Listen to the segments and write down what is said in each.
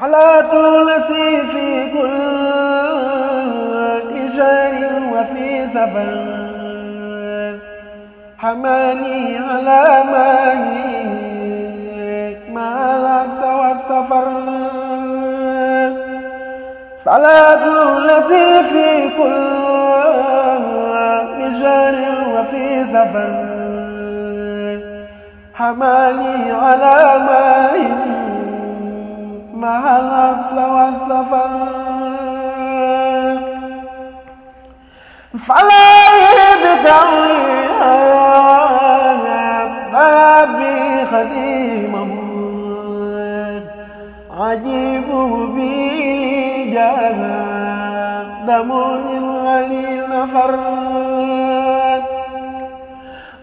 صلاة الذي في كل شهر وفي سفر حماني على ماني مع لبس والسفر صلاة الذي في كل شهر وفي سفر حماني على ماني مع الحبس والسفر فلا يبتغي بابي خديمه عجيبه بي جاهه دمون الغليل نفر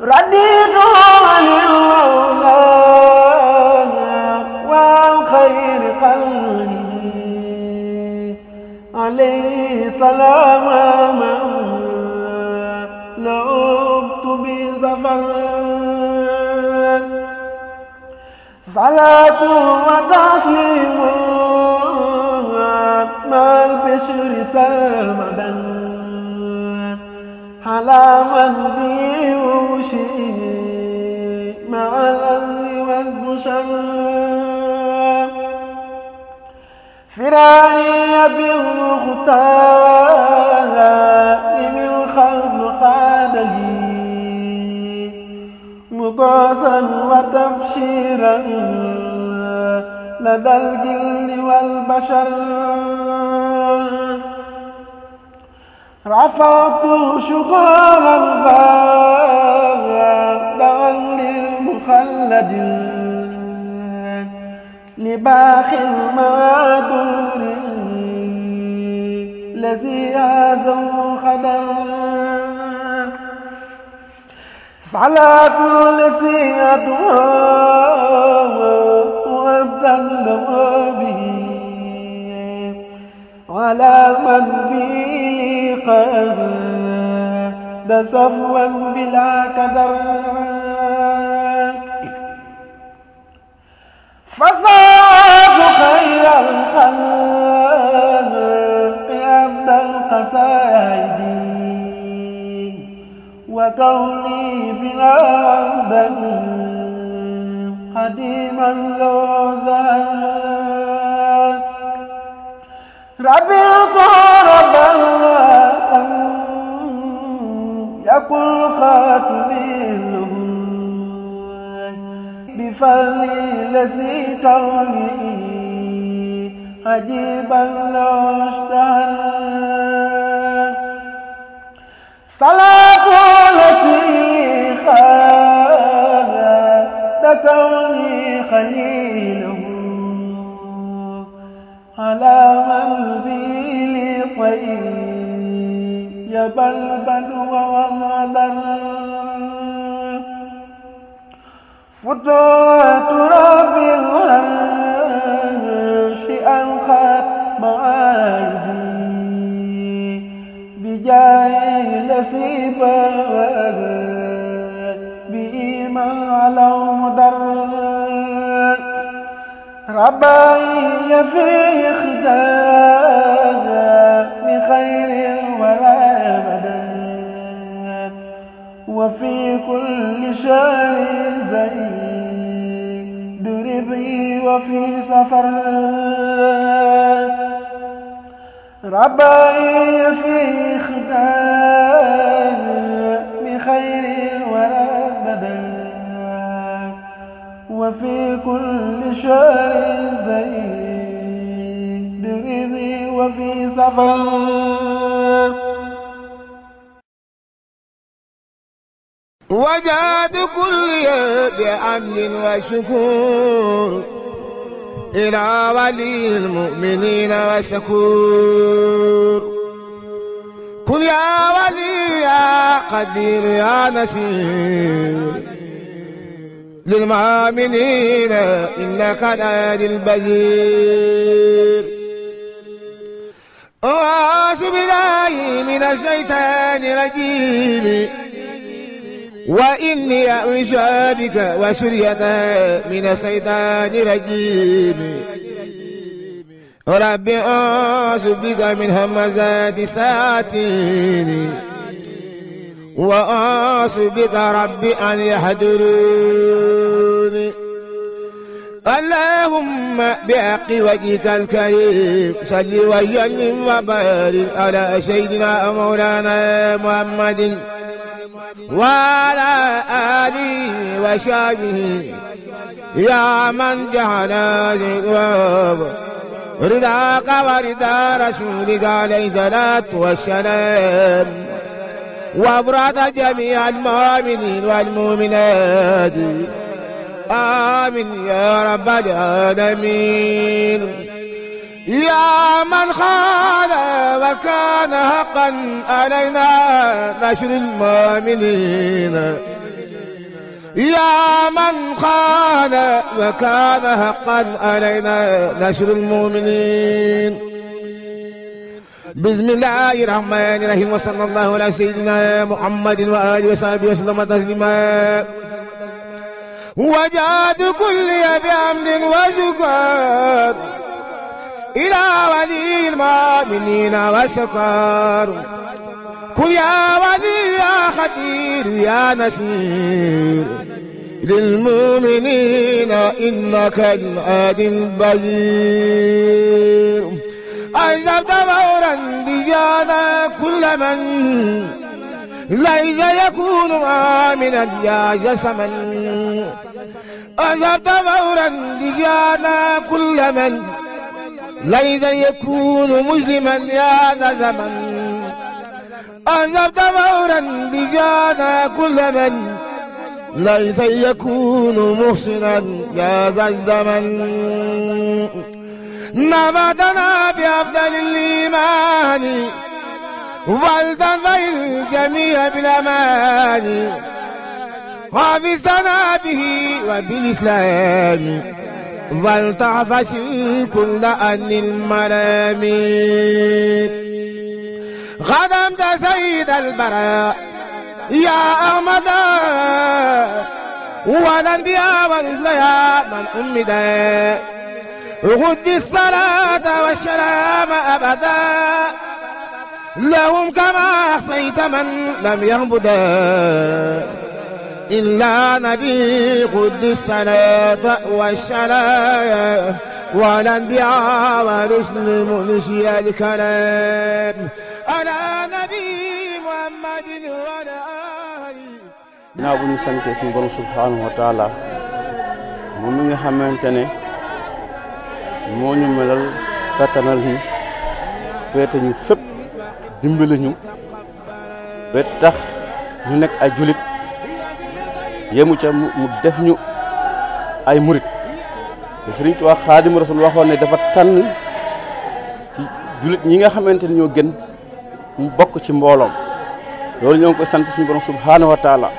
رديت عن الله سلاما لعبت بظفر صلاة وتسليم ما البشر سرمدا على من بيوشي مع الأمن والبشر فراري بالمختار من خلق لي مقاسا وتبشيرا لدى الجن والبشر رفعت شغال البار لغير مخلد لباخ ما الذي عزوا خبر على كل سيد وابدا لوابه وعلى من بيقه ده صفوا بلا قدر فصاب خير الخلق أبد القصائد وكوني بأبدا قديما لوزا ربيت ربا يقول خاتمي فللذي كوني عجيبا لو اشتهى صلاة التي خالد كوني خليله على من بي لطيب يا بلبل وغدر فتوات رب العرش أنخت معايدي بجاه لسيبا بإيمان على مدر رباي في رباني في خدان بخير ولا بدن وفي كل شهر زين رضي وفي سفر وجاد كل يوم بأمن وشكور إلى ولي المؤمنين وسكور كن يا ولي يا قدير يا نسير للمؤمنين إنك نادي البدير أعوذ بالله من الشيطان الرجيم وإني أعيش بك وسريتا من الشيطان الرجيم رب أعوذ بك من همزات ساتين وأعوذ بك رب أن يحضرون اللهم بحق وجهك الكريم صل وسلم وبارك على سيدنا مولانا محمد وعلى آله وشعبه يا من جعل الغراب رضاك ورضا رسولك عليه الصلاة والسلام وأفراد جميع المؤمنين والمؤمنات آمين يا رب العالمين يا من خان وكان حقا علينا نشر المؤمنين يا من خان وكان حقا علينا نشر المؤمنين بسم الله الرحمن الرحيم وصلى الله على سيدنا محمد وآله وصحبه وسلم تسليما وجاد كل عمد وزكاه إلى ولي المؤمنين وسكار كل يا ولي يا خدير يا نسير للمؤمنين إنك الآد البير أنزلت فورا ديانا كل من ليس يكون آمنا يا جسما أنزلت فورا ديانا كل من ليس يكون مجرما يا ذا الزمن أنزلت مورا بجانا كل من ليس يكون محسنا يا ذا الزمن نباتنا بأفضل الإيمان ولتنفي الجميع بالأمان حافظتنا به وبالإسلام ولتعفس كل أن المرامين خدمت سيد البراء يا أحمد والأنبياء يا من أمدا غد الصلاة والسلام أبدا لهم كما أحصيت من لم يهبدا إلا نبي قد الصلاة والشلاة والأنبياء والرسل المنشي الكلام على نبي محمد وعلى آله نابو نسان تسمي بلو سبحانه وتعالى مومي حمان تاني مونيو ملال كاتنال هم فيتني فب دمبلي نيو بيتخ ñu nek ay julit yemu ca mu def ñu ay murid serigne touba khadim rasul waxoon ne dafa tan ci julit ñi nga xamanteni ñoo gën mu bok ci mbolom loolu ñong ko sante suñu borom subhanahu wa taala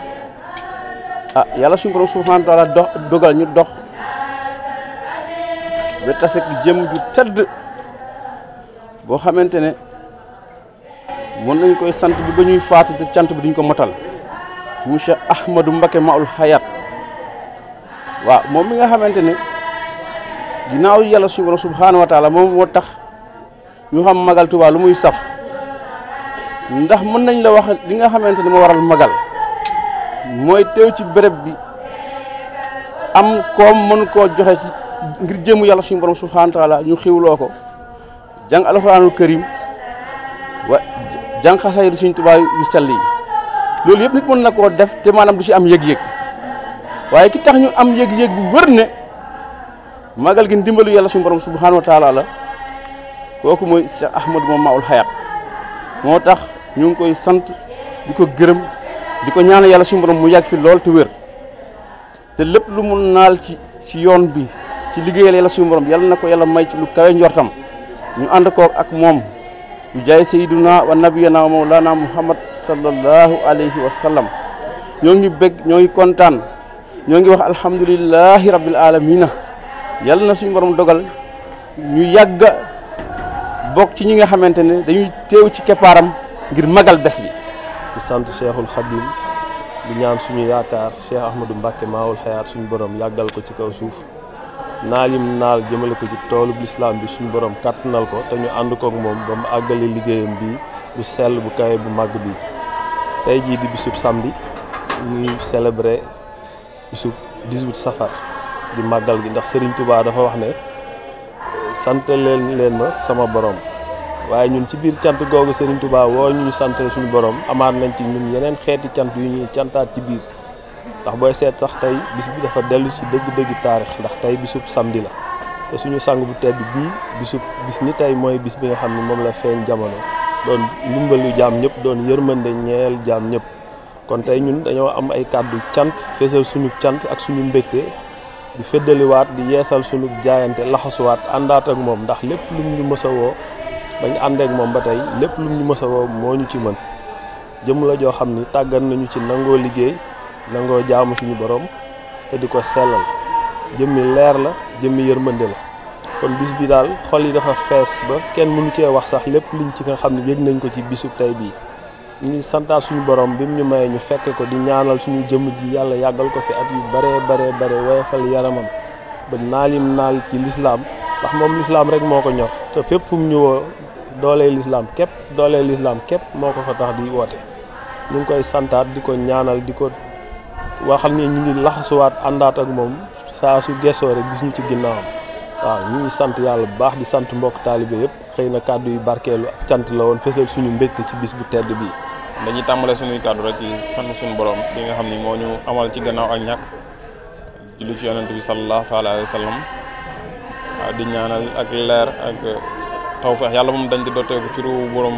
ah yalla suñu borom subhanahu wa taala dox dogal ñu dox be tassek jëm ju tedd bo xamantene mon nañ koy sante bi bañuy faatu te cyant bi duñ ko motal monsieur ahmadou mbake maul hayat Wa mom mi nga xamanteni ginaaw yalla subhanahu wa taala mom moo tax ñu xam magal tuba lu muy saf ndax mën nañ la wax li nga xamanteni mo waral magal moy teew ci bërepp bi am ko mën ko joxe ci ngir jëm yalla subhanahu wa taala ñu xiwloo ko jang alquranul karim wa jang xasaydu suñ tuba yu loolu yëpp nit mën na koo def te maanaam du ci am yëg-yëg waaye ki tax ñu am yëg-yëg bu wër ne magal gi ndimbalu yàlla suñu borom subhaanahu wa taala la kooku mooy Cheikh Ahmadou moom maawul xayaat moo tax ñu ngi koy sant di ko gërëm di ko ñaanal yàlla suñu mu yàgg fi lool te wér te lépp lu mu naal ci ci yoon bi ci liggéeyal yàlla suñu borom yàlla na ko yàlla may ci lu kawe njortam ñu ànd koo ak moom bi jaay sayyiduna wa nabiyana mawlana muhammad sallallahu alayhi wa sallam ñoo ngi bëgg ñoo ngi kontaan ñoo ngi wax alhamdulillahi rabbil alamina yàlla na suñu borom dogal ñu yàgg bokk ci ñi nga xamante ne dañuy teew ci keppaaram ngir magal bés bi di sant cheikhul xadim di ñaan suñu yaakaar cheikh ahmadou mbàkke maawul xayaat suñu borom yàggal ko ci kaw suuf naal yim naal jëmale ko ci toolub lislaam bi suñu borom kàttanal ko te ñu ànd kook moom ba mu àggale liggéeyam bi bu sell bu kawe bu màgg bi tey jii di bisub samedi ñuy célébrer bisub 18 safar di màggal gi ndax sëriñ tubaa dafa wax ne sant leen leen ma sama boroom waaye ñun ci biir cant googu Serigne tubaa woo ñu sant suñu borom amaat nañ ci ñun yeneen xeeti cant yu ñuy cantaat ci biir. ndax booy seet sax tey bis bi dafa dellu si dëgg-dëgg taarix ndax tey bisub samedi la te suñu sang bu tedd bii bisub bis ni tey mooy bis bi nga xam ne moom la feeñ jamono doon ndimbalu jaam ñëpp doon yërmande ñeel jaam ñëpp kon tey ñun dañoo am ay kàddu cant fesal suñu cant ak suñu mbégte di feddaliwaat di yeesal suñu jaayante laxasuwaat àndaat ak moom ndax lépp lu ñu mës a woo bañ ànd ak moom ba tey lépp lu ñu mës a woo moo ñu ci mën jëm la joo xam ni tàggat nañu ci nangoo liggéey nango jaamu suñu borom te diko selal sellal jëmmi leer la jëmmi yërmande la kon bis bi dal xol yi dafa fess ba kenn mënu ci wax sax lepp liñ ci nga xamni yegg nañ ko ci bisu tay bi ñu suñu borom bimu ñu maye ñu fekk ko di ñaanal suñu jëm ji yalla yagal ko fi at yu bare bare bare wayfal yaramam ba nalim nal ci l'islam wax mom l'islam rek moko ñor te fépp fu mu ñëwoo dole l'islam kep dole l'islam kep moko fa tax di wote ñu koy santat diko ñaanal di boo xam ne ñu ngi laxasuwaat àndaat ak moom saa su gesoo rek gis ñu ci ginnaawam waaw ñu ngi sant yàlla bu baax di sant mbokk taalibe yëpp xëy na kàddu yu barkeelu ak sant la woon fësal suñu mbégte ci bis bu tedd bi dañuy tàmbale suñuy kàddu rek ci sant suñu borom bi nga xam ni moo ñu amal ci gannaaw ak ñàkk julli ci yonent bi sallallahu taala alayhi wa sallam di ñaanal ak leer ak tawfeex yàlla moom dañ di dooteeku ci réewu borom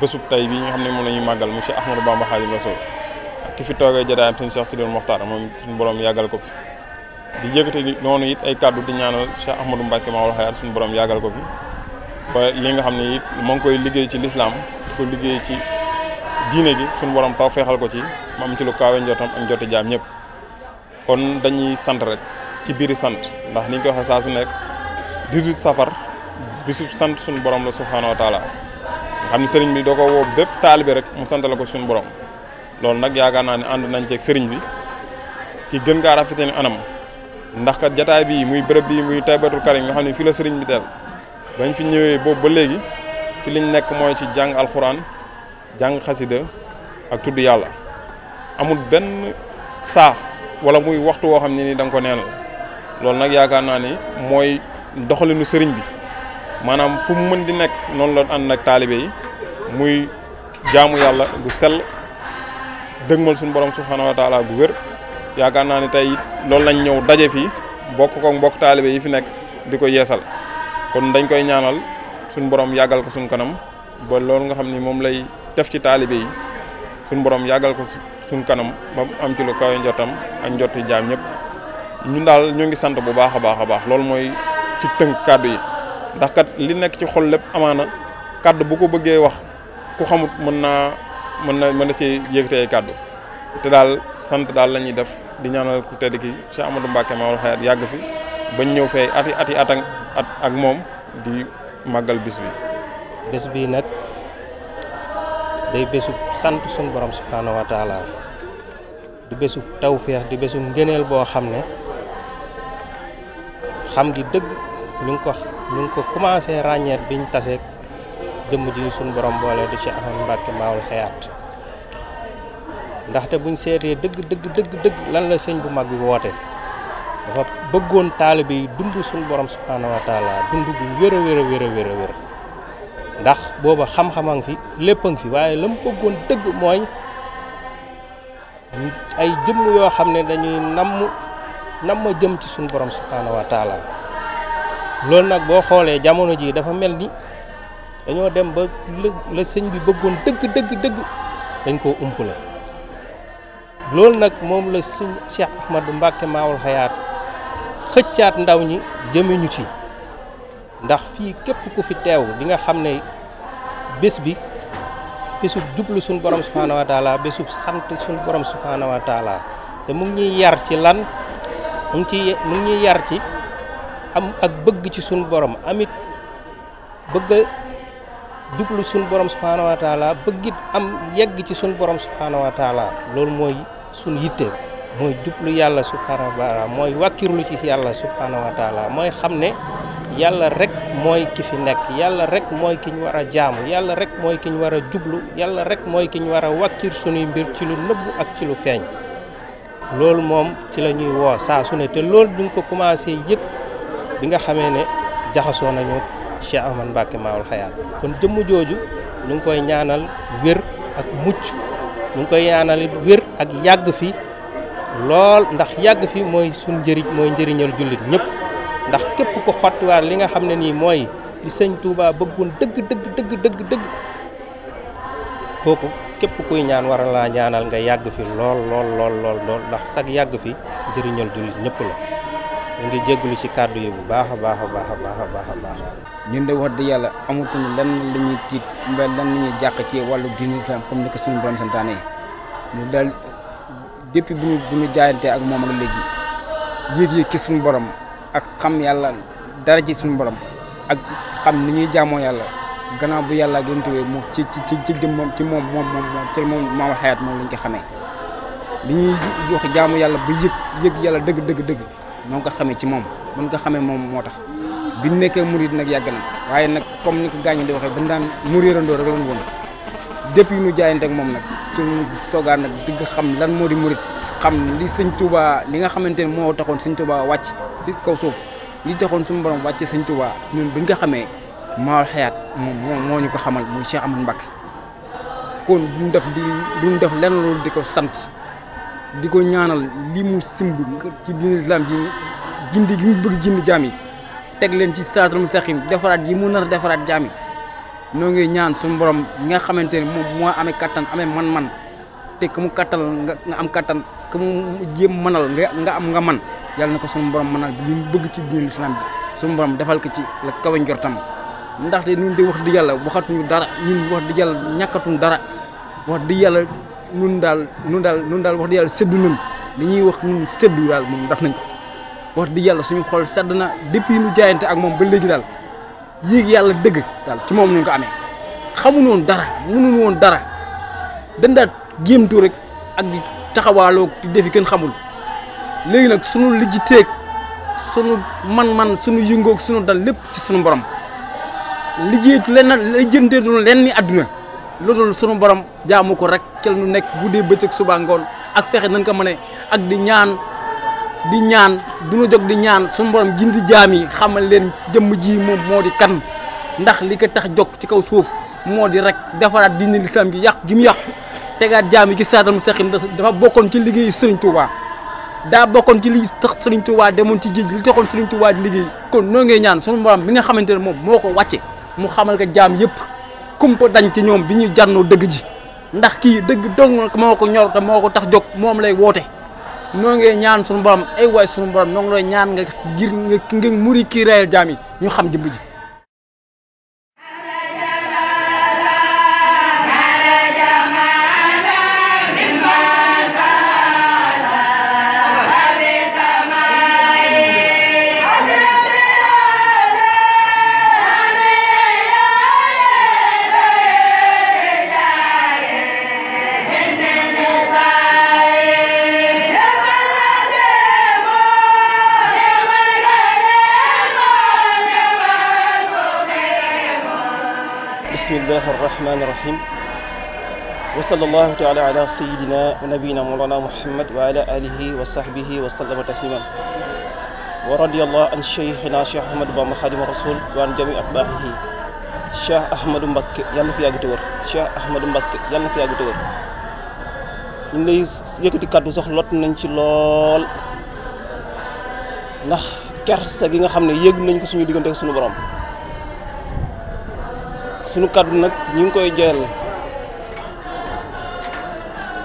bésub tey bi nga xam ne moom la ñuy màggal monsieur Ahmadou Bamba Khadim Rasoul ki fi toogee jotaayam sëñ Cheikh Sidil Mokhtar moom suñu borom yàggal ko fi di yëkkati noonu it ay kàddu di ñaanal Cheikh Ahmadou Mbacke Maoul Hayaat suñu borom yàggal ko fi ba li nga xam ne it moo ngi koy liggéey ci lislaam di ko liggéey ci diine gi suñu borom taw feexal ko ci moom ci lu kaawe njottam am jote jaam ñëpp kon dañuy sant rek ci biiri sant ndax ni koy ko waxee saa su nekk 18 safar bisu sant suñu borom la subhaanahu wa nga xam ne sëriñ bi doo ko woo bépp taalibe rek mu sant ko suñu borom lool nak yaakaar naa ne ànd nañ ak serigne bi ci gën kaa rafetee ni anam ndax kat jotaay bi muy bërepp bi muy Taybatul Karim nga xamni fi la serigne bi del bañ fi ñëwé bo ba légui ci liñ nekk moy ci jang alquran jang khasida ak tuddu yalla amul ben sa wala muy waxtu wo xamni ni dang ko neenal lool nak yaakaar ni mooy doxalinu serigne bi manam fu mu mën di nekk non la and nak talibé yi muy jaamu yalla gu sel Deng suñu borom subhanahu wa taala gu wér yaakaar naani tay tey loolu lañ ñëw daje fi bokk ko mbokk talibé yi fi nek di ko yeesal kon dañ koy ñaanal suñu borom yagal ko suñu kanam ba loolu nga xamni ni lay def ci talibé yi suñu borom yagal ko suñu kanam ba am ci lu kawé njottam ak njotti jaam ñep ñun dal ñu ngi sant bu baaxa baaxa baax a loolu ci teunk kaddu yi ndax kat li nek ci xol lepp amana kaddu bu ko bëggee wax ku xamut mën naa mëna mëna ci yëkëté ay kàddu té dal sant dal lañuy def di ñaanal ku tédd ki Cheikh Amadou mbacké Mawal Xayat yàgg fi bañ ñëw fay ati ati at at ak mom di magal bis bi. bis bi nak day bésu sant sun borom subhanahu wa taala di besu tawféex di bésu ngeenel bo xamné xam gi dëgg ñu ko ñu ko commencé biñ tassé jëmm ji suñ borom boole di Cheikh Ahmadou Mbacke maawul xayaat ndaxte buñ seetee dëgg dëgg dëgg dëgg lan la sëñ bu mag bi woote dafa bëggoon taalibe yi dund suñ borom subhaanahu wa taala dund bu wér a wér a a wér ndax booba xam-xamaa fi lépp a ngi fi waaye la mu bëggoon dëgg mooy ay jëmm yoo xam ne dañuy namm namm jëm ci suñ borom subhaanahu wa loolu nag boo xoolee jamono ji dafa mel ni dañoo dem ba la sëñ bi bëggoon dëgg dëgg dañ koo umpale loolu nag moom la sëñ Cheikh Ahmadou Mbacke maawul xayaat xëccaat ndaw ñi jëmeñu ci ndax fii képp ku fi teew di nga xam ne bés bi bésub jublu suñ borom subhaanahu wa taala bésub sant suñ borom subhaanahu wa te mu ngi ñuy yar ci lan mu ngi ci mu ngi yar ci am ak bëgg ci suñ borom amit bëgg jublu suñ borom subhaanahu wa taala bëggit am yegg ci suñ borom subhaanahu wa taala loolu mooy suñ yitte mooy jublu yàlla subhaanahu wa mooy wàkkirlu ci yàlla subhaanahu wa mooy xam ne yàlla rek mooy ki fi nekk yàlla rek mooy ki ñu war a jaamu yàlla rek mooy ki ñu war a jublu yàlla rek mooy ki ñu war a wàkkir suñuy mbir ci lu nëbbu ak ci lu feeñ loolu moom ci la ñuy woo saa su ne te loolu duñ ko commencé yëg bi nga xamee ne jaxasoo nañu Cheikh Ahmad mbake Maawul hayat? kon jëm joju ñu ngi koy ñaanal wër ak mucc ñu ngi koy ñaanal wër ak yàgg fi lol ndax yàgg fi moy sun njëriñ moy njëriñal julit ñep ndax képp ko war li nga xam ni moy li seigne Touba bëggoon dëgg dëgg dëgg dëgg dëgg koku képp koy ñaan war la ñaanal nga fi lol lol lol lol ndax sag yàgg fi njëriñal julit ñep la ngi jéglu ci kàddu yi bu baaxa baaxa baaxa baaxa baaxa baax ñun de wax dëgg yàlla amatuñu lenn li ñuy tiit mba lan la ñuy jàq ci walu diine islam comme ni ko suñu borom santane ñu dal depuis bu ñu bu ñu jaayantee ak mom ak léegi yéeg yéeg ci suñu borom ak xam yalla dara ci suñu borom ak xam ni ñuy jaamoo yàlla gannaaw bu ak gëntuwee mu ci ci ci ci jëm moom ci mom mom mom moom ci moom maamal xayaat moom lañ ko xamee li ñuy jox jaamu yalla bu yeg yeg yalla deug deug deug ñoo ngi ko xamee ci moom buñ ko xamee moom moo tax bi ñu nekkee murid nag yàgg na waaye nag comme ni ko gaañ di waxee dañ daan muriirandoo rek lañ woon depuis nu jaayante ak moom nag ci soogaan nag digg xam lan moo di murid xam li sëñ li nga xamante ne moo taxoon sëñ Touba wàcc ci kaw suuf li taxoon suñu borom wàccee sëñ Touba ñun buñ ko xamee maa xayaat moom moo ñu ko xamal muy Cheikh Amadou Mbacke kon duñ def di duñ def lenn loolu di ko sant di ñaanal li mu simb ci islam ji gindi gi mu bëgg gindi jami yi leen ci siraatul mustaqim defaraat yi mu nar defaraat jami no noo ngi ñaan suñu borom nga xamanteni mo mo amé katan amé man-man té ku mu nga am katan ku mu manal nga nga am nga man yalla nako suñu borom manal li mu bëgg ci islam bi suñu borom defal ko ci la kawe ndax té ñun di wax di yàlla waxatuñu dara ñun wax di yàlla ñàkkatuñu dara wax di yalla nun daal nun daal nun daal wax di yàlla séddu nun li ñuy wax nun séddu daal moom daf nañ ko wax di yàlla suñu xool sedd na depuis nu jaayante ak moom ba léegi daal yéeg yàlla dëgg daal ci moom ñu ko amee xamuñu dara mënuñu woon dara dañ daal géemtu rek ak di taxawaaloo di defi kenn xamul léegi nag sunu lijji teeg sunu man-man sunu yëngoog sunu dal lépp ci sunu borom lijjeetu lenn lijjanteetu lenn ni àdduna ludul sunu borom jaamu ko rek ci lu nekk guddee bëccëg suba ak fexé nañ ko mané ak di ñaan di ñaan duñu jog di ñaan sunu borom gindi jaami xamal leen jëm ji moom modi kan ndax li ko tax jog ci kaw suuf modi rek defaraat diine lislaam gi yàq gi mu yàq tegaat jaami gi ci mu dafa bokkon ci liggey serigne Touba da bokkon ci li tax serigne Touba demon ci géej li taxon serigne Touba di liggey kon no ngay ñaan sunu borom mi nga xamantene mom moko wacce mu xamal jaam yépp kumpa dañ ci ñoom bi ñuy jànnoo dëgg ji ndax kii dëgg dong moo ko ñor moo ko tax jóg moom lay woote noo ngee ñaan suñu borom ay waay suñu borom noo ñaan nga ngir nga ngir muri kii rayal jaam yi ñu xam jëmb ji الرحمن الرحيم وصلى الله تعالى على سيدنا ونبينا مولانا محمد وعلى آله وصحبه وسلم تسليما ورضي الله عن شيخنا شيخ أحمد بن خادم الرسول وعن جميع أتباعه شيخ أحمد مبك يلا في أجدور شيخ أحمد مبك يلا في أجدور ñu lay yëkkati kàddu sax lot nañ ci lool ndax kersa gi nga xam ne yëg nañ ko suñu kaddu nak ñu ngi koy jël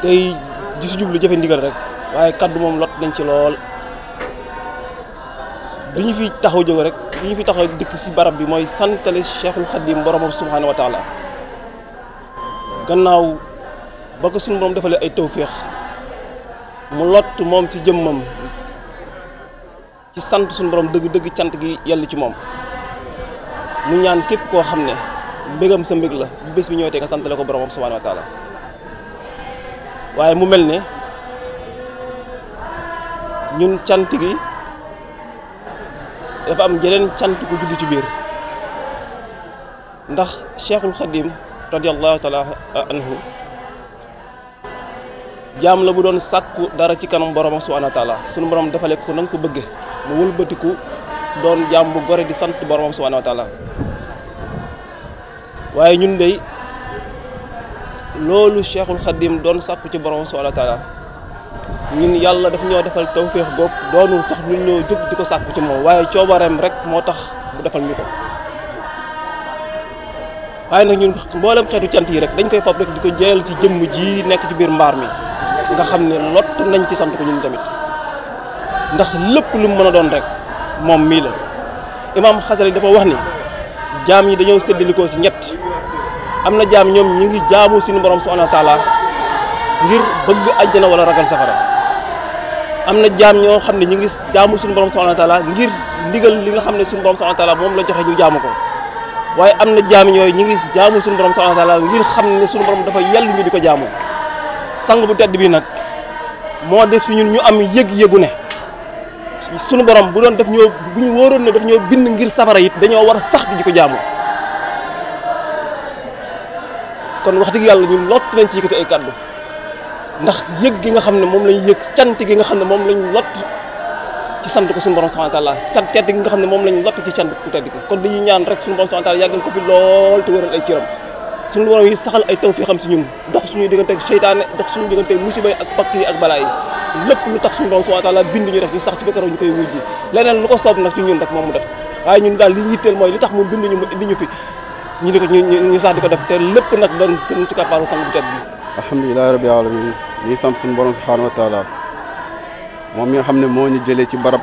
tay di si jublu jëfe ndigal rek waye kaddu mom lot nañ ci lool biñu fi taxaw jóg rek biñu fi taxaw dëkk ci barab bi moy santale cheikhul khadim borom subhanahu wa taala gannaaw ba ko suñu borom defale ay tawfiq mu lot mom ci jëmmam ci sante suñu borom dëgg dëgg ciant gi yalla ci mom mu ñaan képp ko xamne mbegam sa mbeg la bu bés bi ñëwee nga santale ko borom subhanahu wa taala waye mu melni ñun cyant gi dafa am jeneen cyant ku jiddu ci bir ndax cheikhul khadim radiyallahu taala anhu jam la bu doon sakku dara ci kanam borom subhanahu wa taala suñu borom lek ko nang ko bëgge mu beutiku doon jam bu gore di sant borom subhanahu wa taala waaye ñun dey loolu cheikhul xadim doon sàkku ci borom subhaanahu wa taala ñun yàlla daf ñoo defal tawféex bopp doonul sax lu ñoo jóg di ko sàkku ci moom waaye coobareem rek moo tax mu defal ñu ko waaye nag ñun mboolem xeetu cant yi rek dañ koy fab di ko jël ci jëmm ji nekk ci biir mbaar mi nga xam ne lott nañ ci sant ko ñun tamit ndax lépp lu mu mën a doon rek moom mii la imaam Xasali dafa wax ni jaam yi dañoo séddalikoo si am na jaam ñoom ñi ngi jaamu suñu borom subhanahu wa ngir bëgg àjjana wala ragal safara am na jaam ñoo xam ne ñi ngi jaamu suñu borom subhanahu wa ngir ndigal li nga xam ne suñu borom moom la joxe ñu jaamu ko waaye am na jaam ñooyu ñi ngi jaamu suñu borom subhanahu wa taala ngir xam ne suñu borom dafa yellu ñu di ko jaamu sang bu tedd bi nag moo def si ñun ñu am yëg-yëgu ne sunu borom bu doon def ñoo ñu wóoroon ne daf ñoo bind ngir safara it dañoo war a sax di ko jaamu kon wax deug yalla ñun lott nañ ci yëkëti ay kàddu ndax yëg gi nga xamne mom lañ yëg cant gi nga xamne mom lañ lott ci sant ko suñu borom subhanahu wa ta'ala sant cant gi nga xamne mom lañ lott ci sant ku tedd gi kon dañuy ñaan rek suñu borom subhanahu wa ta'ala yàggal ko fi lool te wëral ay ciiram suñu borom yi saxal ay taw fi xam si ñun dox suñu digënté ak seytaane dox suñuy diggante musiba ak bakki ak balaay lepp lu tax suñu borom subhanahu wa ta'ala bindu ñu rek ñu sax ci bëkkaraw ñu koy wujji leneen lu ko sopp nak ci ñun rek moom mu def waye ñun dal li ñittel moy li tax mu bindu ñu indi ñu fi ñu di ko ñu sax di def te lépp nag doon jëm ci kappaaru sang bu tedd bi alhamdulilahi rabbil alamin ñuy sant suñu borom subhaanahu wa taala moom mi nga xam ne moo ñu jëlee ci barab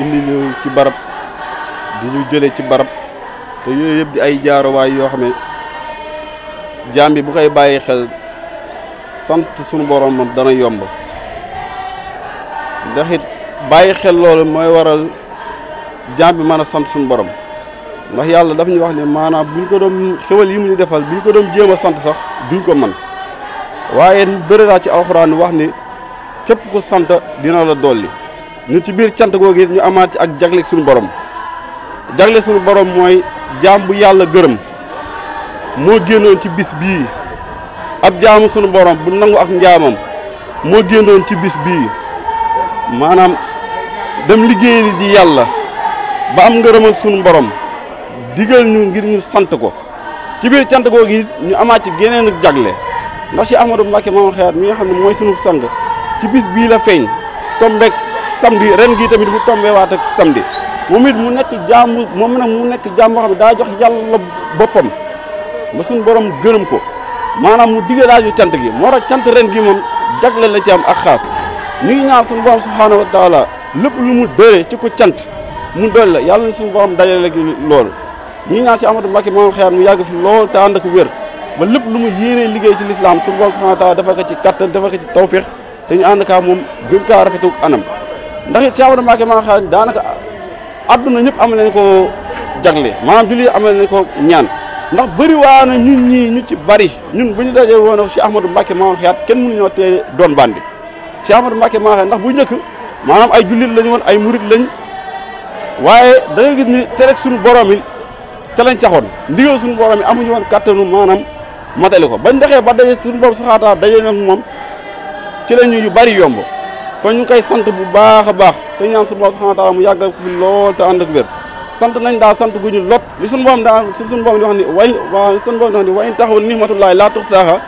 indi ñu ci barab di ñu jëlee ci barab te yooyu yëpp di ay jaarowaay yoo xam ne jaam bi bu koy bàyyi xel sant suñu boromam dana yomb ndax it bàyyi xel loolu mooy waral jaam bi mën a sant suñu borom ndax yàlla daf ñu wax ne maanaam bu buñ ko doon xewal yi mu ñu defal ñu ko doon jéem a sant sax duñ ko man waaye bëri naa ci alxuraan wax ni képp ko sant dina la dolli ñu ci biir cant googu it ñu amaat ci ak jagle suñu borom jagle suñu borom mooy jaam bu yàlla gërëm moo génnoon ci bis bii ab jaamu suñu borom bu nangu ak njaamam moo génnoon ci bis bii maanaam dem liggéeyali di yàlla ba am ngërëmal suñu borom. digal ñu ngir ñu sant ko ci biir cant googu it ñu amaat ci geneen ak jagle ndax si Ahmadou Mbacke Maam Xeyaat mi nga xam ne mooy sunu sang ci bis bii la feeñ tombeek samedi ren gi tamit mu tombe waat sambi samedi moom it mu nekk jaamu moom nag mu nekk jaam boo xam daa jox yàlla boppam ma suñu borom gërëm ko maanaam mu diggee daaju cant gi moo tax cant ren gi moom jagle la ci am ak xaas ñu ngi ñaan suñu borom subhaanahu wa lépp lu mu dëree ci ku cant mu dool la yàlla na suñu borom dajale gi loolu ñu ngi ñaan ci Amadou Mbacke maam xeer mu yàgg fi lool te ànd wér ba lépp lu mu yéenee liggéey ci lislaam suñu borom subhanahu wa taala dafa ko ci kattan dafa ko ci tawféex te ñu ànd moom gën kaa rafetu anam ndax it ci Amadou Mbacke maam xeer daanaka adduna ñëpp am nañ ko jagle maanaam julli am nañ ko ñaan ndax bëri waa na ñun ñii ñu ci bari ñun bu ñu dajee woon ci Amadou Mbacke maam xeer kenn mënu ñoo tee doon bandi ci Amadou Mbacke maam xeer ndax bu njëkk maanaam ay jullit lañu woon ay murit lañ waaye da nga gis ni tereg ca lañ saxoon ndigal suñu borom yi amuñu woon kattanu maanaam matali ko ba doxee ba daje suñu borom subhaanahu wa taala daje nag moom ci la ñu yu bari yomb kon ñu koy sant bu baax a baax te ñaan suñu borom subhaanahu wa taala mu yàggal ko fi lool te ànd ak wér sant nañ daa sant ñu lot li suñu borom daa suñu borom di wax ni way wa suñu di wax ni wayn taxaw nixmatullaahi laa tux saaxa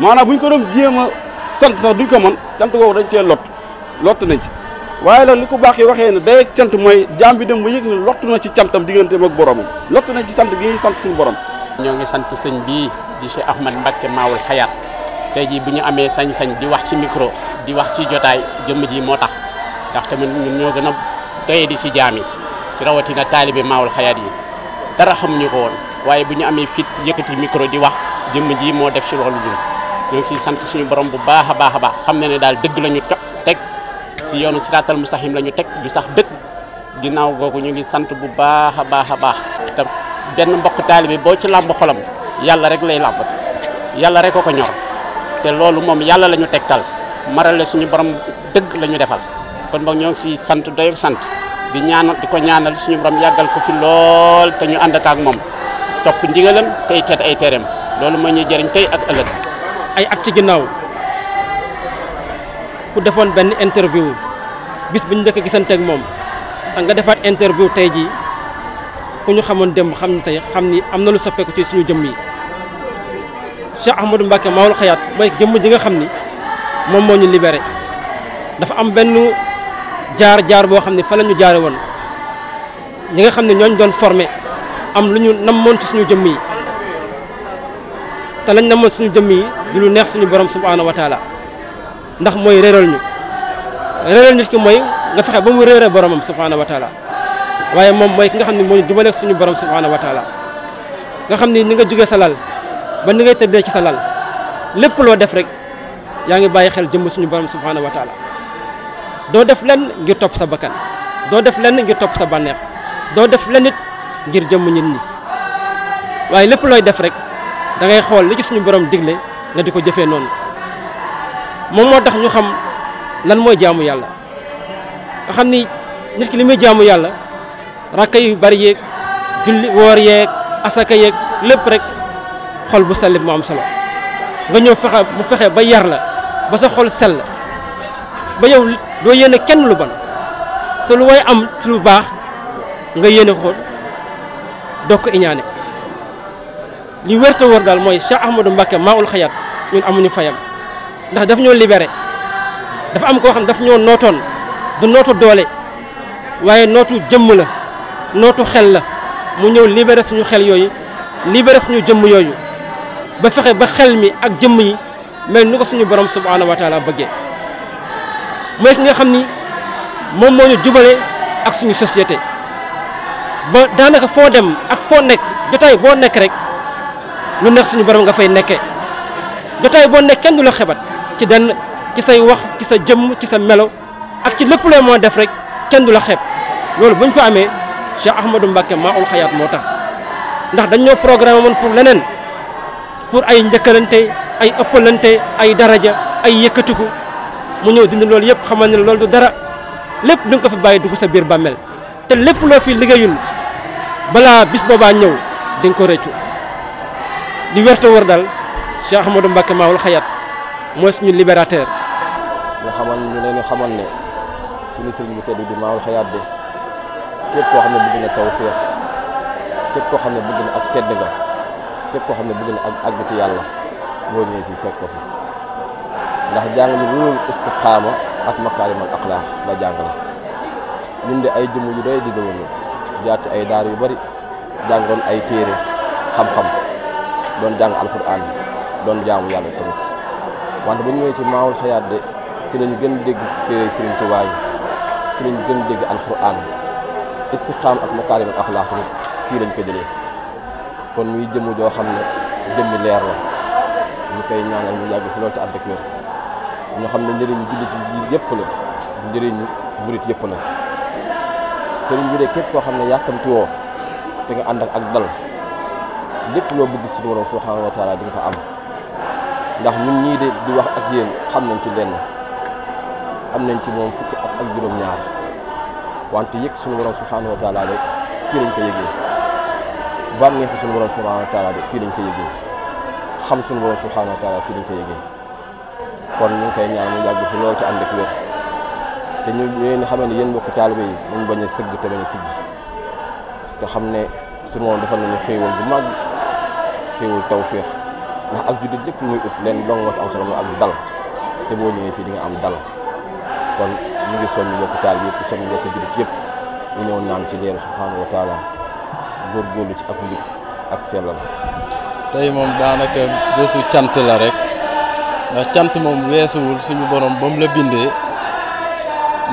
maanaam bu ñu ko doon jéem a sant sax duñ ko mën sant googu dañ cee lot lot nañ ci waaye nag li ko baax yi waxee ne day cant mooy jaam bi dem ba yëg ne lottu na ci cantam digganteem ak boromam lottu na ci sant gi ñuy sant suñu borom. ñoo ngi sant sañ bii di Cheikh Ahmad Mbacke Maawul Xayaat tey jii bu ñu amee sañ-sañ di wax ci micro di wax ci jotaay jëmm ji moo tax tax tamit ñun ñoo gën a doye di ci jaam yi ci rawatina taalibe Maawul Xayaat yi dara xamuñu ko woon waaye bu ñu amee fit yëkkati micro di wax jëmm ji moo def ci loolu ñun ñoo ngi siy sant suñu borom bu baax a baax a baax xam na ne daal dëgg la ñu teg. ci yoonu siratal mustahim lañu tek du sax dekk ginaaw gogu ñu ngi sant bu baaxa baaxa baax a benn mbokk talibi bo ci lamb xolam yalla rek lay làmbat yalla rek ko ñor te loolu mom yalla lañu maral marale suñu borom dëgg lañu defal kon boog ñong ci si sant doyog sant di ñaanal di ko ñaanal suñu borom yagal ko fi lool te ñu ànd ak mom top ndigalam tay tet ay terem loolu mo ñu jëriñ tay ak ëlëk ay at ci ginnaaw ku defon ben interview bis buñu ñu gisante ak moom nga defaat interview tay ji ku ñu xamoon dem xamni tay xamni amna lu am ko ci suñu jëm yi Cheikh Ahmadou mbake Maoul khayat moy jëmm ji nga xamni mom moom ñu libéré dafa am ben jaar jaar bo xamni fa lañu jaaré won ñi nga xamni doon formé am luñu namoon ci suñu jëm yi ta lañ namoon suñu jëm yi du lu neex suñu borom subhanahu wa taala ndax moy réeral ñu réeral nit ki moy nga fexé ba mu réere boromam subhanahu wa taala waye mom moy ki nga xamni moy moo suñu borom subhanahu wa taala nga xamni ni nga juggé salal ba ni ngay tëddee ci salal lepp lo def rek ya nga bayyi xel jëm suñu borom subhanahu wa taala do def lenn ngir top sa bakan do def lenn ngir top sa banex do def lenn nit ngir jëm nit ni waye lepp loy def rek da ngay xol li ci suñu borom digle nga diko jëfé non mom mo tax ñu xam lan moy jaamu yalla nga xam ni nit ki limay jaamu yalla rakay yu bari yeeg julli wor yeeg asaka yeeg lepp rek xol bu sell mu am solo nga ñoo fexé mu fexé ba yar la ba sa xol sel ba yow do yene kenn lu ban te lu way am ci lu bax nga yene xol dok iñane li wér wër dal moy Cheikh Ahmadou Maoul khayat ñun amuñu fayal ndax daf ñoo libere dafa am koo xam daf ñoo nootoon du nootu doole waaye nootu jëmm la nootu xel la mu ñëw libéré suñu xel yooyu libere suñu jëmm yooyu ba fexe ba xel mi ak jëmm yi mel nu ko suñu borom subhaanahu wa taala bëggee mooy ki nga xam ni moom moo ñu jubale ak suñu société ba daanaka foo dem ak foo nekk jotaay boo nekk rek lu nekk suñu borom nga fay nekkee jotaay boo nekk kenn du la xebat ci den ci say wax ci sa jëm ci sa melo ak ci lepp lay mo def rek kenn dula xeb lolou buñ ko amé cheikh ahmadou mbake maaul xayaat moo tax ndax dañ ñoo programme mon pour lenen pour ay ñeukalante ay ëppalante ay daraja ay yëkkatiku mu ñëw dindi lolou yëpp xamal ni lolou du dara lepp du ko fi bàyyi dugg sa bir bammel té lepp lo fi ligéyul bala bis boba ñëw di ko reccu di werte wër dal cheikh ahmadou mbacke maawul khayat mooy suñu libérateur. ñu xamal ñu leen ñu xamal ne suñu sëriñ bu tedd di maamul xayaat de képp koo xam ne bëgg na tawféex képp koo xam ne bëgg na ak tedd nga képp koo xam ne bëgg na ak àgg ci yàlla boo ñëwee fi fekk ko fi ndax jàng ñu lu istiqaama ak makaarimal axlaax la jàngale ñun di ay jëmm yu doy di doon jaar ci ay daar yu bari jàngoon ay téere xam-xam doon jàng alxuraan doon jaamu yàlla tamit. wante bu ñu ñëwee ci maawul xayaat de ci lañu gën dégg téere Serigne Touba ci lañu gën dégg alxuraan istiqaam ak makaarim al axlaaq tamit fii lañ ko jëlee kon muy jëmm joo xam ne jëmmi leer la ñu koy ñaanal mu yàgg fi loolu ci ànd ak wér ñoo xam ne njëriñu jullit ji yëpp la njëriñu murit yëpp la sëriñ bi de képp koo xam ne yàkkamti woo te nga ànd ak dal lépp loo bëgg suñu borom subhanahu di nga ko am ndax ñun ñii de di wax ak yéen xam nañ ci lenn am nañ ci moom fukki at ak juróom-ñaar wante yëg suñu borom subhaanahu wa de fii lañ ko yëgee bànneexu suñu borom subhaanahu wa taala de fii lañ ko xam suñu borom subhaanahu wa taala fii lañ ko yëgee kon ñu ngi koy ñaan mu yàgg fi loolu te ànd ak wér te ñu ñu leen xamal ne yéen mbokk taalibe yi nañ bañ sëgg te bañ a siggi te xam ne suñu moom defal nañu xéewal bi màgg xéewal tawféex ndax ak juddit lepp ñuy upp len long wax ci ak dal te bo ñëwee fi di nga am dal kon ñu ngi soñu mbokk taal yépp soñu soññ mbokk yépp ñu ñëw naan ci leer subhanahu wa taala góorgóorlu ci ak nit ak sellal tey moom daanaka besu tiant la rek ndax cant moom weesuwul suñu borom bam la bindé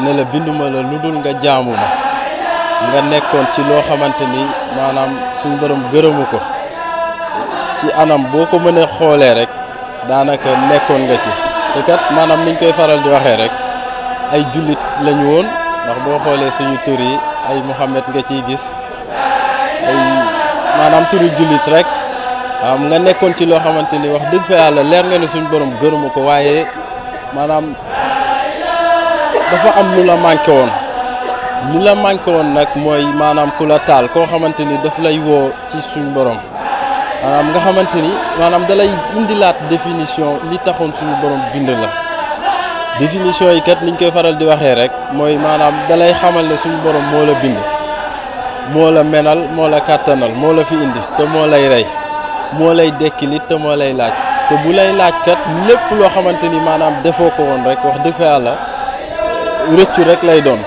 ne la binduma la lu nga jaamu ma nga nekkon ci lo xamanteni manam suñu borom geureumuko ci anam boo ko mënee xoolee rek daanaka nekkoon nga ci te kat maanaam niñ koy faral di waxee rek ay jullit lañu woon ndax boo xoolee suñu tur yi ay Muhammad nga ciy gis ay maanaam turi jullit rek am nga nekkoon ci loo xamante ni wax dëgg fa yàlla leer nga ne suñu borom gërëmu ko waaye maanaam dafa am lu la manqué woon lu la manqué woon nag mooy maanaam ku la taal koo xamante ni daf lay woo ci suñu borom. maanaam euh, nga xamante ni maanaam dalay indilaat définition li taxoon suñu borom bind la définition yi kat niñ koy faral di waxee rek mooy maanaam dalay xamal ne suñu borom moo la bind moo la menal moo la kàttanal moo la fi indi te moo lay rey moo lay dekkilit te moo lay laaj te bu lay laaj kat lépp loo xamante ni maanaam defoo ko woon rek wax dëgg fa yàlla rëccu rek lay doon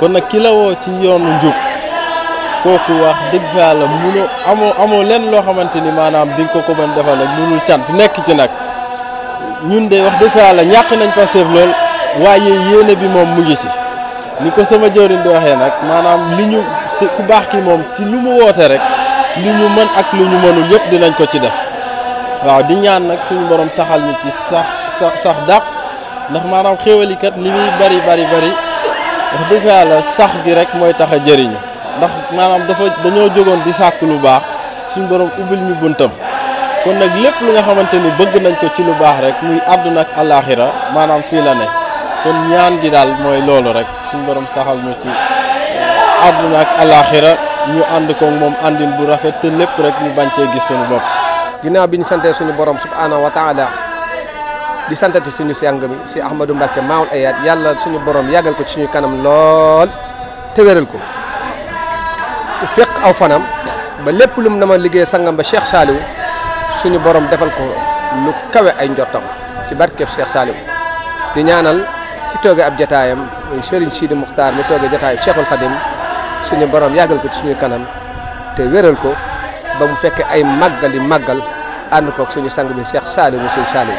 kon nag ki woo ci yoonu njub kooku wax dëgg fa yàlla mënoo amoo amoo lenn loo xamante ni maanaam di nga ko ko mën defal ak mënul cant nekk ci nag ñun de wax dëgg fa yàlla ñàkk nañ Pastef lool waaye yéene bi moom mu ngi si ni ko sama jëwriñ di waxee nag maanaam li ñu ku baax ki moom ci lu mu woote rek li ñu mën ak lu ñu mënul yëpp dinañ ko ci def waaw di ñaan nag suñu borom saxal ñu ci sax sax sax dàq ndax maanaam xéewalikat li muy bari bari bari wax dëgg yàlla sax gi rek mooy tax jëriñu ndax manam dafa dañoo jogon di sak lu bax suñu borom ubil ñu buntam kon nak lepp li nga xamanteni ni bëgg nañ ko ci lu bax rek muy àdduna ak alakhirah manam fi la ne kon ñaan gi dal moy loolu rek suñu borom saxal ñu ci eh, àdduna ak alakhirah ñu and ko mom àndin bu rafet te lepp rek ñu bañ ci gis suñu bop suñu borom subhanahu wa taala di suñu mi si ahmadou mbacke maawul ayat yalla suñu borom yagal ko ci ñu kanam lol, te wéral ko aw fanam ba lépp lu mu nama liggéey sangam ba Cheikh Saliou suñu borom defal ko lu kawe ay njotam ci barkeb Cheikh Saliou di ñaanal ki tooge ab jataayam muy Serigne Sidi Muxtaar mi tooge jataayu Cheikhul Khadim suñu borom yàggal ko ci suñu kanam te wéral ko ba mu fekkee ay màggal yi màggal ànd kook suñu sang bi Cheikh Saliou mu Serigne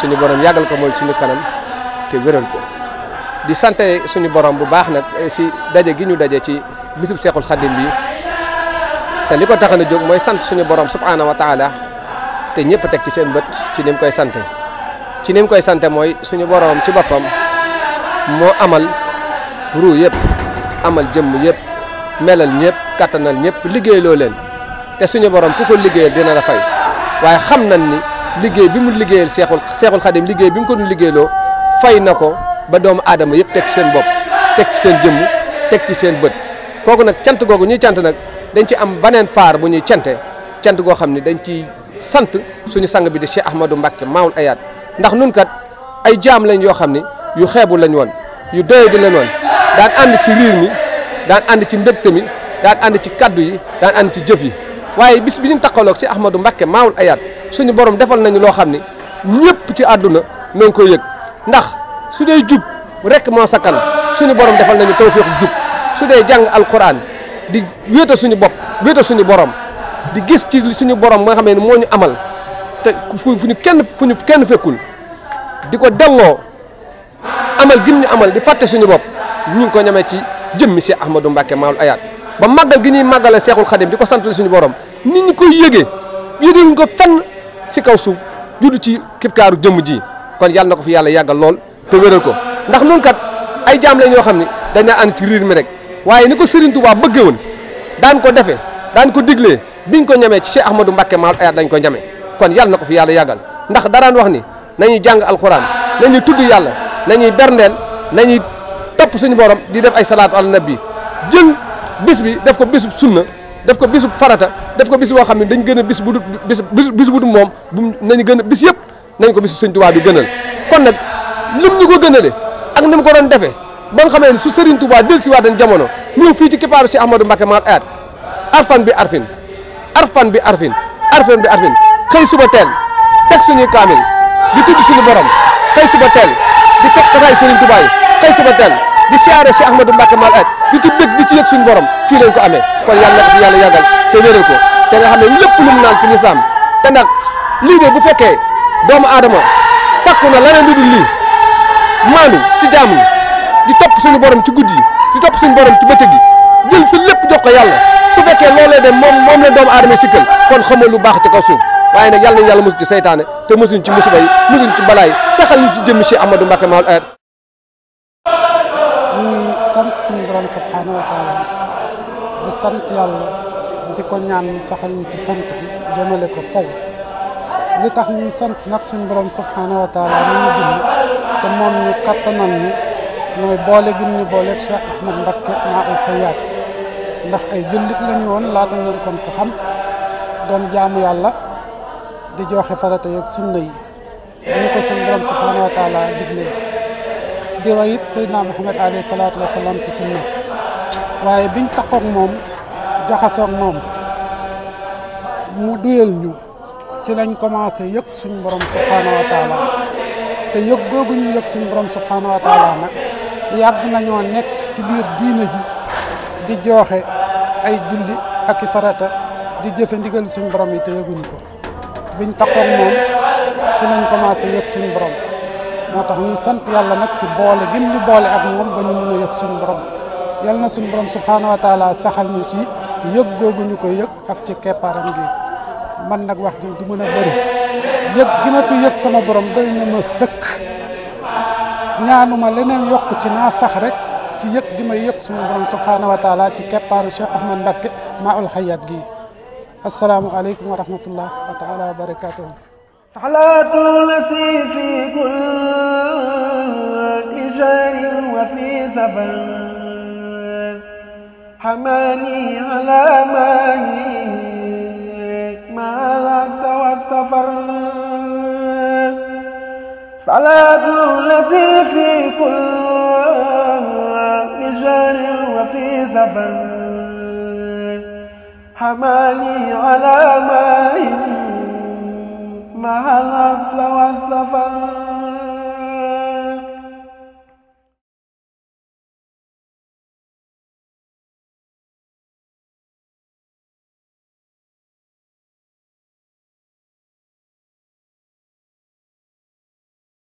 suñu borom yàggal ko mooy suñu kanam te wéral ko di sante suñu borom bu baax nag si daje gi ñu daje ci bisub Cheikhul Khadim bi te li ko tax a jóg mooy sant suñu borom subhaana wa taala te ñëpp teg ci seen bët ci ni koy sante ci ni koy sante mooy suñu borom ci boppam moo amal ruu yëpp amal jëmm yëpp melal ñëpp kattanal ñëpp liggéeyloo leen te suñu boroom ku ko liggéeyal dina la fay waaye xam nañ ni liggéey bi mu liggéeyal seexul seexul xadim liggéey bi mu ko doon liggéeyloo fay na ko ba doomu aadama yëpp teg ci seen bopp teg ci seen jëmm teg ci seen bët kooku nag cant googu ñuy cant nag. dañ ci am beneen par bu ñuy cante cant goo xam ne dañ ci sant suñu sang bi di cheikh ahmadou mbacke ndax nun kat ay jam lañ yoo xam ne yu xeebu lañ woon yu doye lañ woon daan ànd ci riir mi daan ànd ci mi daan ànd ci kaddu yi daan ci jëf yi bis bi ñu taxaloog si ahmadou mbacke maawul ayaat suñu borom defal nañu loo xam ne ñëpp ci àdduna noo ko ndax su rek moo sakkan suñu borom defal nañu tawfiq jub su dee jàng alquran di wéeta suñu bop wéeta suñu borom di gis ci suñu borom mo xamé ne ñu amal té fuñu kenn fuñu kenn fekkul di dello amal gim amal di faté suñu bop ñu ko ñamee ci jëmmi si ahmadou mbàkke maul ayat ba magal gi magalé cheikhul khadim di santal suñu borom nit ñi koy yégué yégué ñu ko fenn ci kaw suuf judd ci kipkaru jëm ji kon yalla nako fi yalla yagal lool té wéral ko ndax kat ay jamm ñoo xamni dañ na ci mi rek waye niko Serigne Touba dan won dan ko défé daan ko diglé biñ ko ñamé ci Cheikh Ahmadou mbacké Mal Ayat dañ ko ñamé kon yalla nako fi yalla yagal ndax daraan wax ni nañuy jang alxuraan nañuy tuddu yalla nañuy nañuy top suñu borom di def ay salatu al nabi jël bis bi def ko bisub sunna def ko bisub farata def ko bis bo xamni ne dañ bis bu bis bis bu mom, bu nañu gëna bis yépp nañ ko bisu sëñ touba bi gënal kon nak lim ñu ko gënalé ak nim ko doon défé ba nga xamee ne su Serigne Touba del si waatan jamono ñëw fii ci kippaaru si Ahmadou Mbacke maal ayat arfan bi arfin arfan bi arfin arfan bi arfin xëy suba teel teg suñuy kaamil di tudd suñu borom xëy suba teel di teg xasaay sëriñ Touba yi xëy suba teel di siyaare si Ahmadou Mbacke maal ayat di ci dëgg di ci yëg suñu borom fii lañ ko amee kon yàlla na yàlla yàggal te wéral te nga xam ne lépp lu mu naan ci lislaam te nag lii de bu fekkee doomu aadama sakku na leneen lu dul lii maandu ci jaamu di topp suñu borom ci guddi yi di topp suñu borom ci bëccëg yi jël su lépp jox ko yàlla su fekkee loolee de moom moom la doomu aadama sikkal kon xamoo lu baax ci kaw suuf waaye nag yàlla nañu yàlla mosu ci seytaane te mosuñ ci musiba yi mosuñ ci balaa yi fexal ñu ci jëmmi Cheikh Ahmadou Mbacké Maol Air. Eh. ñu ngi sant suñu borom subhaanahu wa taala di sant yàlla di ko ñaan mu saxal ñu ci sant bi jëmale ko faw li tax ñuy sant nag suñu borom subhaanahu wa taala ñu ñu bind te moom ñu kattanal ñu. mooy boole gim ñu booleeg Cheikh Ahmed Mbacké Maoul hayat ndax ay jullit lañu woon laata ñu kon ko xam doon jaamu yàlla di joxe farata yeeg sunna yi ni ko suñu borom subhanahu wa taala diglee di roy it Seydina Muhammad alayhi salaatu wa salaam ci sunna waaye biñ mom moom jaxasoog moom mu duyal ñu ci lañ commencé yëg suñu borom subhanahu wa taala te yëg googu ñu yëg suñu borom subhanahu wa taala nag yàgg nañoo nekk ci biir diina ji di jooxe ay julli ak i farata di jëfe ndigal suñu borom yi te yëguñu ko biñ takkoog moom ci lañ commencé yëg suñu borom moo tax ñu sant yàlla nag ci boole gim boole ak moom ba ñu mën a yëg suñ borom yal na suñ borom subhaanahu wa taala saxal ñu ci yëg googu ko yëg ak ci keppaaram gi man nag wax ji du mën a bëri yëg gi ma fi yëg sama borom doy na ma sëkk ñaanu ma leneen yokk ci naa sax rek ci yëg gi may yëg suñu borom subhanahu wa taala ci keppaaru Cheikh Ahmad Mbacké maul ul gi gi alaykum wa rahmatullah wa taala wa barakatuh salaatu lasi fi kulli shay'in wa fi safar حماني على ماني ما لبس واستفر صلاة الذي في كل شهر وفي سفر حماني على ماء مع الهبس والسفر